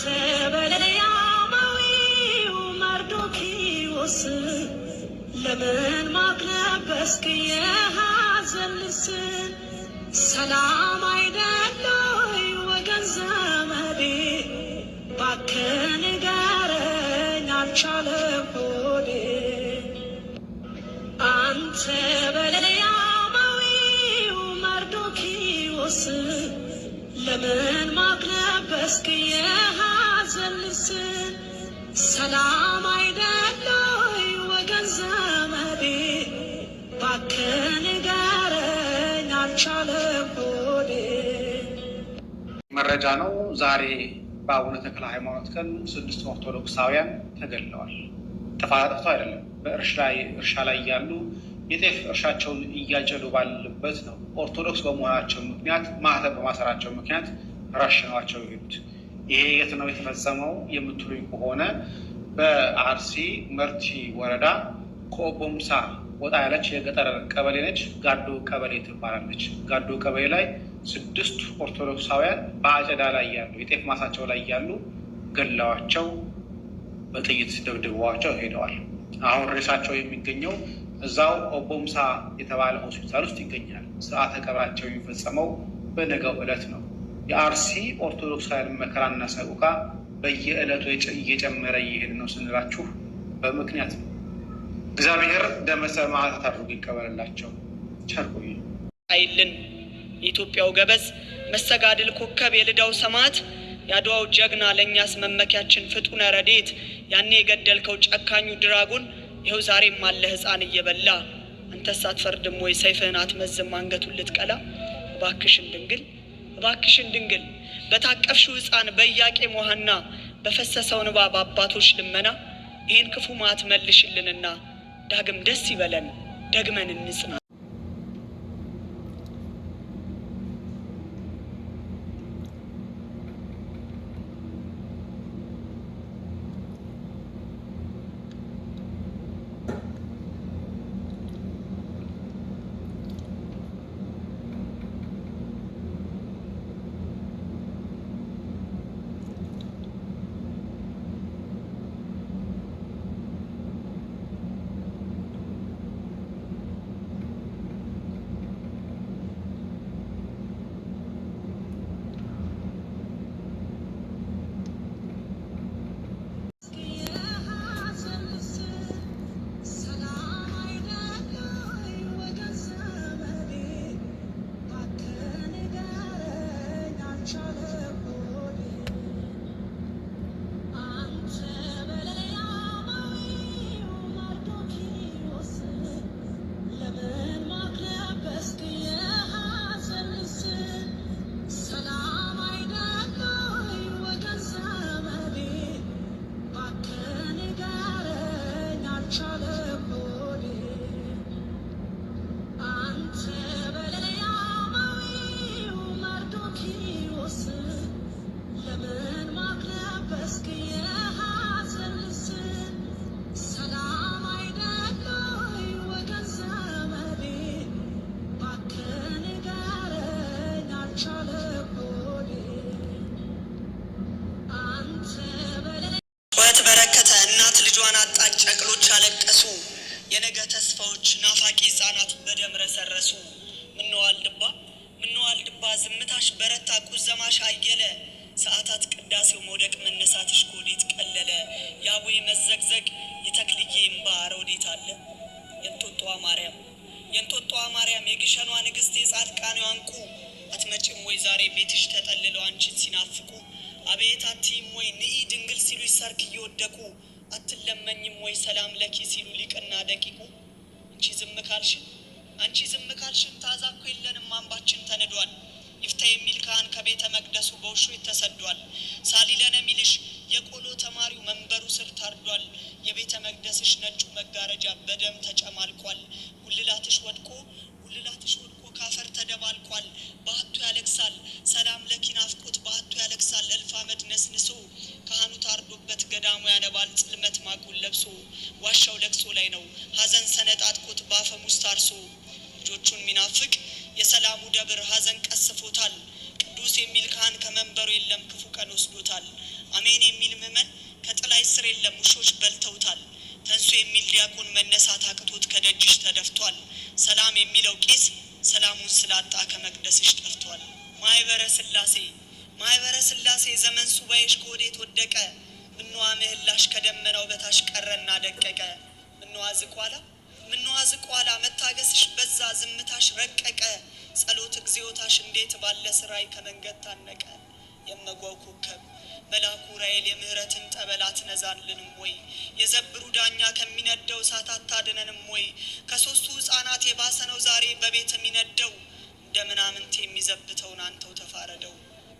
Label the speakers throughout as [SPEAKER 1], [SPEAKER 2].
[SPEAKER 1] ሰበለያማዊው መርዶኪዎስ ለምን ማክነበስክ የሐዘን ልብስን? ሰላም አይደለ ወገን ዘመዴ እባክህ ንገረኝ አልቻለም ሆዴ አንተ በለያማዊው መርዶኪዎስ ለምን ማክነበስክ ሰላም አይደለይ ወገን ዘመዴ ባክን ገረኝ አልቻለም ሆዴ።
[SPEAKER 2] መረጃ ነው። ዛሬ በአቡነ ተክለ ሃይማኖት ቀን ስድስት ኦርቶዶክሳውያን ተገድለዋል። ተፋጠፍቶ አይደለም በእርሻ ላይ ያሉ የጤፍ እርሻቸውን እያጨዱ ባሉበት ነው። ኦርቶዶክስ በመሆናቸው ምክንያት ማህተብ በማሰራቸው ምክንያት ራሽነዋቸው የሄዱት ይሄ የት ነው የተፈጸመው የምትሉኝ ከሆነ በአርሲ መርቲ ወረዳ ከኦቦምሳ ወጣ ያለች የገጠር ቀበሌ ነች። ጋዶ ቀበሌ ትባላለች። ጋዶ ቀበሌ ላይ ስድስት ኦርቶዶክሳውያን በአጨዳ ላይ ያሉ የጤፍ ማሳቸው ላይ ያሉ ገላዋቸው በጥይት ደብድበዋቸው ሄደዋል። አሁን ሬሳቸው የሚገኘው እዛው ኦቦምሳ የተባለ ሆስፒታል ውስጥ ይገኛል። ስርዓተ ቀብራቸው የሚፈጸመው በነገው ዕለት ነው። የአርሲ ኦርቶዶክሳውያን መከራና ሰቆቃ በየዕለቱ እየጨመረ እየሄድ ነው ስንላችሁ በምክንያት ነው። እግዚአብሔር ደመ ሰማዕታት አድርጎ ይቀበልላቸው። ቸርቆ
[SPEAKER 3] አይልን የኢትዮጵያው ገበዝ መሰጋድል ኮከብ የልዳው ሰማዕት የአድዋው ጀግና ለእኛስ መመኪያችን ፍጡነ ረዴት ያኔ የገደልከው ጨካኙ ድራጉን ይኸው ዛሬም አለ ሕፃን እየበላ አንተስ አትፈርድም ወይ? ሰይፍህን አትመዝም አንገቱን ልትቀላ እባክሽን ድንግል እባክሽን ድንግል በታቀፍሽው ሕፃን በኢያቄም ወሐና በፈሰሰው እንባ በአባቶች ልመና ይህን ክፉ ማት መልሽልንና ዳግም ደስ ይበለን ደግመን እንጽና። ተስፋዎች ናፋቂ ህጻናት በደም ረሰረሱ። ምነዋል ድባ ምነዋል ድባ ዝምታሽ በረታ ቁዘማሽ አየለ ሰዓታት ቅዳሴው መውደቅ መነሳትሽ ከወዴት ቀለለ የአቡይ መዘግዘግ የተክልዬ እምባ ረወዴት አለ የእንጦጧ ማርያም የእንጦጧ ማርያም የግሸኗ ንግሥት የጻድቃኔ አንቁ አትመጭም ወይ ዛሬ ቤትሽ ተጠልለው አንቺን ሲናፍቁ አቤት አትይም ወይ ንኢ ድንግል ሲሉ ይሰርክ እየወደቁ አትለመኝም ወይ ሰላም ለኪ ሲሉ ሊቅና ደቂቁ አንቺ ዝም ካልሽን አንቺ ዝም ካልሽን ታዛ እኮ የለንም አምባችን ተንዷል። ይፍታ የሚል ካህን ከቤተ መቅደሱ በውሹ ተሰዷል። ሳሊለነ ሚልሽ የቆሎ ተማሪው መንበሩ ስር ታርዷል። የቤተ መቅደስሽ ነጩ መጋረጃ በደም ተጨማልቋል። ጉልላትሽ ወድቆ ጉልላትሽ ወድቆ ካፈር ተደባልቋል። ባህቱ ያለቅሳል ሰላም ለኪን አፍቆት ባህቱ ያለቅሳል እልፍ አመድ ነስንሶ ካህኑ ታርዶበት ገዳሙ ያነባል ጽልመት ማቁን ለብሶ ዋሻው ለቅሶ ላይ ነው። ሀዘን ሰነጣ አጥቆት በአፈሙዝ ታርሶ ልጆቹን ሚናፍቅ የሰላሙ ደብር ሀዘን ቀስፎታል። ቅዱስ የሚል ካህን ከመንበሩ የለም ክፉ ቀን ወስዶታል። አሜን የሚል ምዕመን ከጥላይ ስር የለም ውሾች በልተውታል። ተንሶ የሚል ዲያቆን መነሳት አቅቶት ከደጅሽ ተደፍቷል። ሰላም የሚለው ቄስ ሰላሙን ስላጣ ከመቅደስሽ ጠፍቷል። ማይበረ ስላሴ ማህበረ ስላሴ ዘመን ሱባኤሽ ከወዴት ወደቀ? ምነዋ ምህላሽ ከደመናው በታች ቀረና ደቀቀ። ምነዋ ዝቋላ ምነዋ ዝቋላ መታገስሽ በዛ ዝምታሽ ረቀቀ። ጸሎት እግዚኦታሽ እንዴት ባለ ስራይ ከመንገድ ታነቀ። የመጓው ኮከብ መልአኩ ራኤል የምህረትን ጠበል አትነዛልንም ወይ? የዘብሩ ዳኛ ከሚነደው እሳት አታድነንም ወይ? ከሶስቱ ህፃናት የባሰ ነው ዛሬ በቤት የሚነደው እንደ ምናምንት የሚዘብተውን አንተው ተፋረደው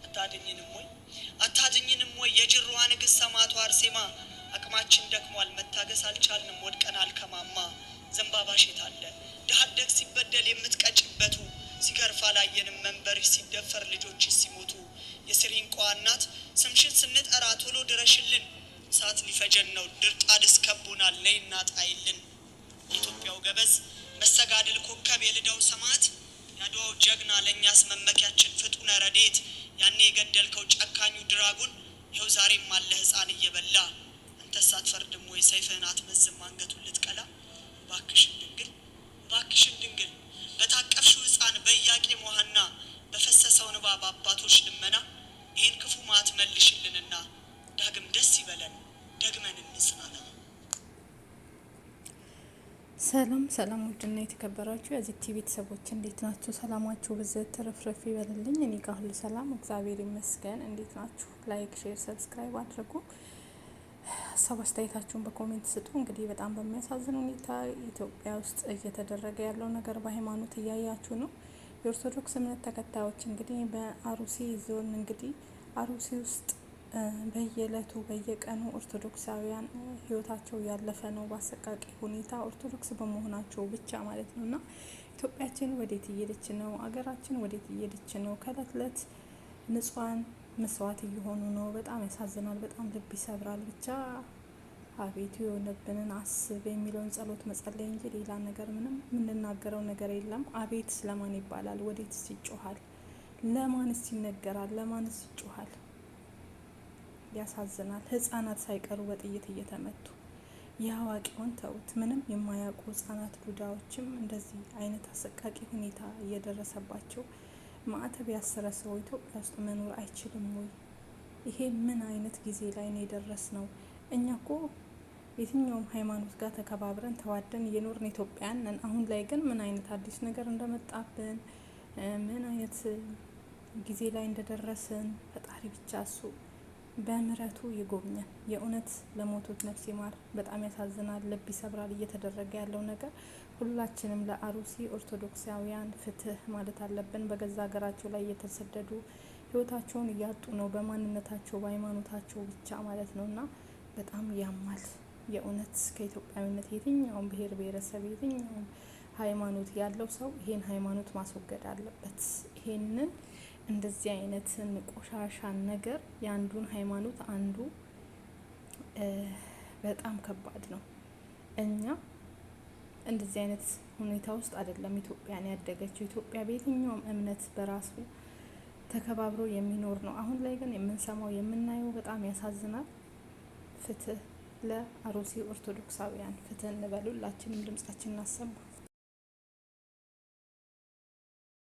[SPEAKER 3] አታድኝንም ወይ? አታድኝንም ወይ የጅሮዋ ንግሥት ሰማዕቷ አርሴማ? አቅማችን ደክሟል፣ መታገስ አልቻልንም፣ ወድቀናል ከማማ። ዘንባባሽ የት አለ ድሀ ሲበደል የምትቀጭበቱ? ሲገርፍ አላየንም መንበር ሲደፈር ልጆች ሲሞቱ። የስሪንቋ እናት ስምሽን ስንጠራ ቶሎ ድረሽልን፣ እሳት ሊፈጀን ነው ድርጣድ እስከቡናል፣ ነይና ጣይልን። የኢትዮጵያው ገበዝ መሰጋድል ኮከብ የልዳው ሰማዕት ያድዋው ጀግና ለእኛስ መመኪያችን ፍጡነ ረዴት ያኔ የገደልከው ጨካኙ ድራጉን ይኸው ዛሬም አለ ህፃን እየበላ አንተስ አትፈርድም ወይ? ሰይፍህን አትመዝም አንገቱን ልትቀላ? እባክሽን ድንግል እባክሽን ድንግል በታቀፍሽው
[SPEAKER 4] ሰላም ሰላም፣ ውድና የተከበራችሁ የዚህ ቲቪ ቤተሰቦች እንዴት ናችሁ? ሰላማችሁ ብዝት ትርፍርፍ ይበልልኝ። እኔ ጋር ሁሉ ሰላም እግዚአብሔር ይመስገን። እንዴት ናችሁ? ላይክ፣ ሼር፣ ሰብስክራይብ አድርጉ። ሀሳብ አስተያየታችሁን በኮሜንት ስጡ። እንግዲህ በጣም በሚያሳዝን ሁኔታ ኢትዮጵያ ውስጥ እየተደረገ ያለው ነገር በሃይማኖት እያያችሁ ነው። የኦርቶዶክስ እምነት ተከታዮች እንግዲህ በአሩሲ ዞን እንግዲህ አሩሲ ውስጥ በየዕለቱ በየቀኑ ኦርቶዶክሳውያን ህይወታቸው ያለፈ ነው በአሰቃቂ ሁኔታ ኦርቶዶክስ በመሆናቸው ብቻ ማለት ነው። እና ኢትዮጵያችን ወዴት እየሄደች ነው? አገራችን ወዴት እየሄደች ነው? ከእለት እለት ንጹሐን መስዋዕት እየሆኑ ነው። በጣም ያሳዝናል። በጣም ልብ ይሰብራል። ብቻ አቤቱ የሆነብንን አስብ የሚለውን ጸሎት መጸለይ እንጂ ሌላ ነገር ምንም የምንናገረው ነገር የለም። አቤት ስለማን ይባላል? ወዴትስ ይጮሃል? ለማንስ ይነገራል? ለማንስ ይጮሃል? ያሳዝናል። ህጻናት ሳይቀሩ በጥይት እየተመቱ የአዋቂውን ተውት። ምንም የማያውቁ ህጻናት ዱዳዎችም እንደዚህ አይነት አሰቃቂ ሁኔታ እየደረሰባቸው ማዕተብ ያሰረ ሰው ኢትዮጵያ ውስጥ መኖር አይችልም ወይ? ይሄ ምን አይነት ጊዜ ላይ ነው የደረስ ነው? እኛ እኮ የትኛውም ሃይማኖት ጋር ተከባብረን ተዋደን እየኖርን ኢትዮጵያን ነን። አሁን ላይ ግን ምን አይነት አዲስ ነገር እንደመጣብን ምን አይነት ጊዜ ላይ እንደደረስን ፈጣሪ ብቻ እሱ በምረቱ ይጎብኘን። የእውነት ለሞቱት ነፍስ ይማር። በጣም ያሳዝናል፣ ልብ ይሰብራል እየተደረገ ያለው ነገር። ሁላችንም ለአሩሲ ኦርቶዶክሳውያን ፍትህ ማለት አለብን። በገዛ ሀገራቸው ላይ እየተሰደዱ ህይወታቸውን እያጡ ነው፣ በማንነታቸው በሃይማኖታቸው ብቻ ማለት ነው እና በጣም ያማል። የእውነት ከኢትዮጵያዊነት የትኛውም ብሔር ብሔረሰብ የትኛውም ሃይማኖት ያለው ሰው ይሄን ሃይማኖት ማስወገድ አለበት። ይሄንን እንደዚህ አይነትን ቆሻሻን ነገር የአንዱን ሃይማኖት አንዱ በጣም ከባድ ነው። እኛ እንደዚህ አይነት ሁኔታ ውስጥ አይደለም ኢትዮጵያን ያደገችው። ኢትዮጵያ በየትኛውም እምነት በራሱ ተከባብሮ የሚኖር ነው። አሁን ላይ ግን የምንሰማው የምናየው በጣም ያሳዝናል። ፍትህ ለአሩሲ ኦርቶዶክሳውያን ፍትህ እንበሉ። ሁላችንም ድምጻችን እናሰማ።